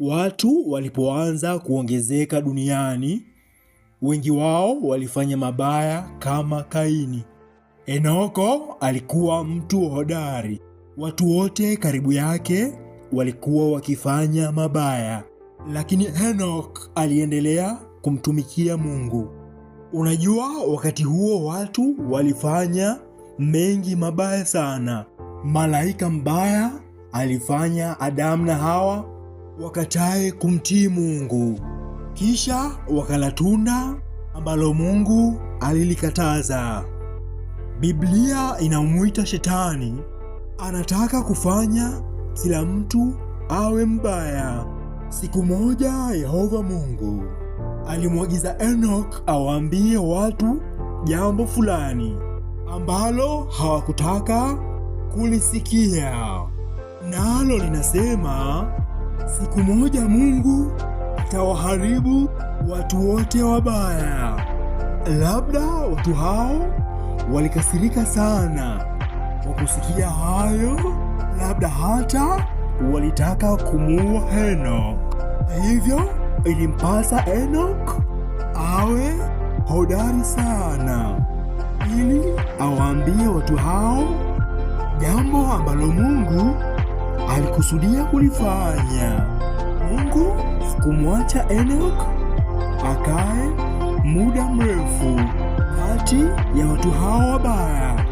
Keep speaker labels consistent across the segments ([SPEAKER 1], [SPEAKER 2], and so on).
[SPEAKER 1] Watu walipoanza kuongezeka duniani, wengi wao walifanya mabaya kama Kaini. Enoko alikuwa mtu hodari. Watu wote karibu yake walikuwa wakifanya mabaya, lakini Henok aliendelea kumtumikia Mungu. Unajua, wakati huo watu walifanya mengi mabaya sana. Malaika mbaya alifanya Adamu na Hawa wakatae kumtii Mungu, kisha wakala tunda ambalo Mungu alilikataza. Biblia inamwita Shetani anataka kufanya kila mtu awe mbaya. Siku moja Yehova Mungu alimwagiza Enoch awaambie watu jambo fulani ambalo hawakutaka kulisikia, nalo linasema Siku moja Mungu atawaharibu watu wote wabaya. Labda watu hao walikasirika sana kwa kusikia hayo, labda hata walitaka kumuua Henoko. Hivyo ilimpasa Henoko awe hodari sana, ili awaambie watu hao jambo ambalo Mungu alikusudia kulifanya. Mungu kumwacha Enoch akae muda mrefu kati ya watu hao wabaya.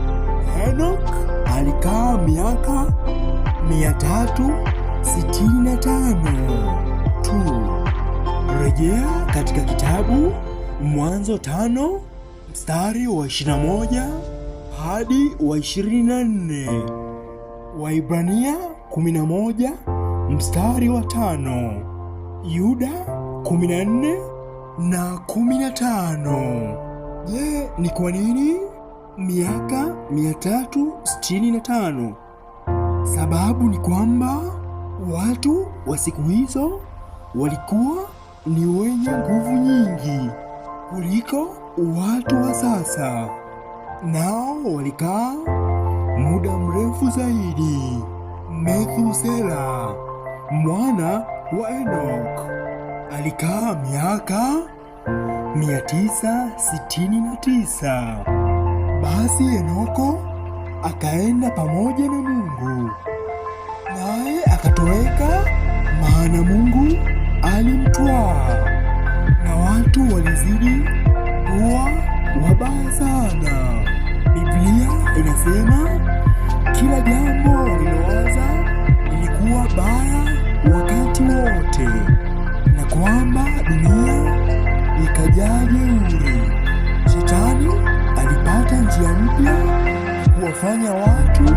[SPEAKER 1] Enoch alikaa miaka 365 tu. Rejea katika kitabu Mwanzo tano mstari wa 21 hadi wa 24. Waibrania 11 mstari wa tano, Yuda 14 na 15. Je, ni kwa nini miaka 365? Sababu ni kwamba watu wa siku hizo walikuwa ni wenye nguvu nyingi kuliko watu wa sasa, nao walikaa muda mrefu zaidi. Methusela mwana wa Enoch alikaa miaka 969. Basi Enoko akaenda pamoja na Mungu, naye akatoweka, maana Mungu alimtwaa. Na watu walizidi kuwa wabaya sana. Biblia inasema kila kuwafanya watu